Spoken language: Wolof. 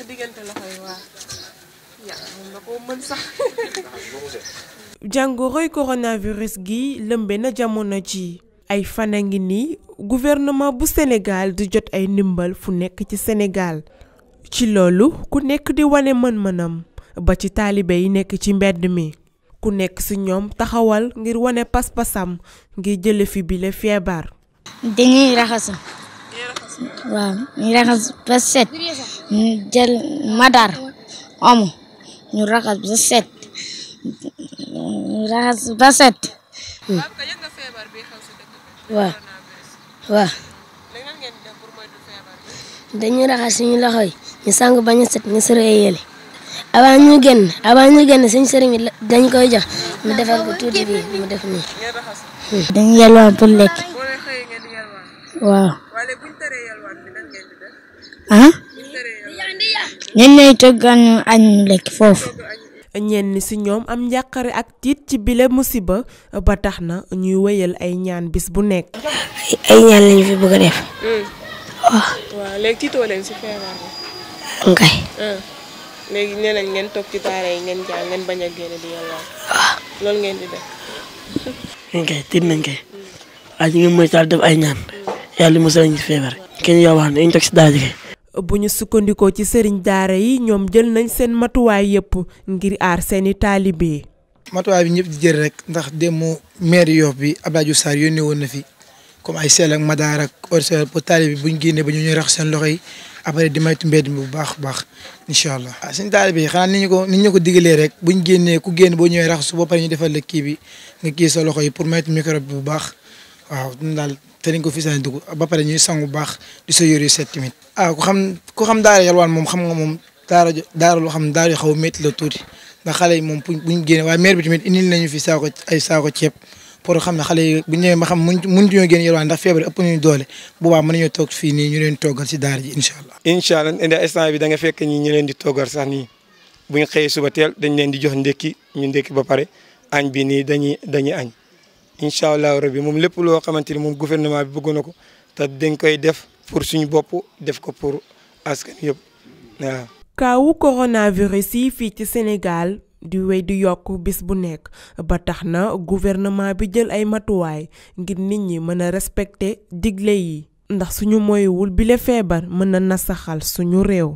sa diggante loxo jàngoroy coronavirus gi lëmbe na jamono ji ay fan a ngi nii gouvernement bu senegal di jot ay ndimbal fu nekk ci Sénégal ci loolu ku nekk di wane mën-mënam ba ci taalibe yi nekk ci mbedd mi ku nekk ci ñoom taxawal ngir wane pas-pasam ngir jële fi bile feebar. dañuy raxas ba set. jël madar omo ñu raxas ba set ñu raxas ba set waaw raxas suñu loxo yi ñu sangu bañ a set ñu sëree yële avant ñu génn avant ñu génn suñu sëriñ bi dañ koy jox mu defal ko tuuti bi mu def nii hmm. dañu yelwaan pour lekk waaw ñen ñay toggan añ lekk foofu ñenn ci ñoom am njàqare ak tiit ci bile musiba ba tax na ñuy wéyal ay ñaan bis bu nekk ay ñaan lañu fi bëgg a def mm. oh. waaw léegi tiitoo leen ci feebar bi ngay mm. léegi nee nañ ngeen toog ci taara yi ngeen jàng ngeen bañ a génn di yàlla oh. loolu ngeen di def ngay tiit nañ kay waaye ñu ngi moytaal def ay ñaan mm. yàlla musal ñu feebar kenn yow wax ne ñu toog ci daara ji kay bu ñu sukkandikoo ci sëriñ daara yi ñoom jël nañ seen matuwaay yëpp ngir aar seeni taalibe. matuwaay bi ñëpp di jël rek ndax démb maire Yoff bi Abdoulaye Diouf Sarr yónnee woon na fi comme ay seel ak madaar ak orsel pour taalibe bi bu ñu génnee ba ñu ñuy rax seen loxo yi après di maytu mbedd mi bu baax baax incha allah. waaw ah, suñu taalibe yi xanaa ko ni ñu ko digalee rek bu ñu génnee ku génn boo ñëwee rax ba pare ñu defal la kii bi nga kii sa loxo yi pour maytu microbe bi bu baax. waaw dina daal te nañ ko fi sañ dugg ba pare ñuy sangu baax di sa yor yu set tamit. ah ku xam ku xam daara yalwaan moom xam nga moom daara daara loo xam daara yu xaw a métti la tuuti ndax xale yi moom buñ buñ génne waaye maire bi tamit indil nañu fi saako ay saako ceeb pour xam ne xale yi bu ñëwee ma xam mënut mënut ñoo génn yalwaan ndax feebar ëpp nañu doole bu fii nii ñu leen toggal si daara ji incha allah. incha allah indi instant bi da fekk ñi ñu leen di toggal sax nii bu ñu xëyee suba teel dañ leen di jox ndékki ñu ndékki ba pare añ bi nii dañuy dañuy añ incha allahu rabi moom lépp loo xamante ni moom gouvernement bi bëgg na ko te dang koy def pour suñu bopp def ko pour askan yëpp waaw. kaawu coronavirus yi fii ci Sénégal di wey di yokk bis bu nekk ba tax na gouvernement bi jël ay matuwaay ngir nit ñi mën a respecter digle yi ndax suñu moywul bile feebar mën na nasaxal suñu réew.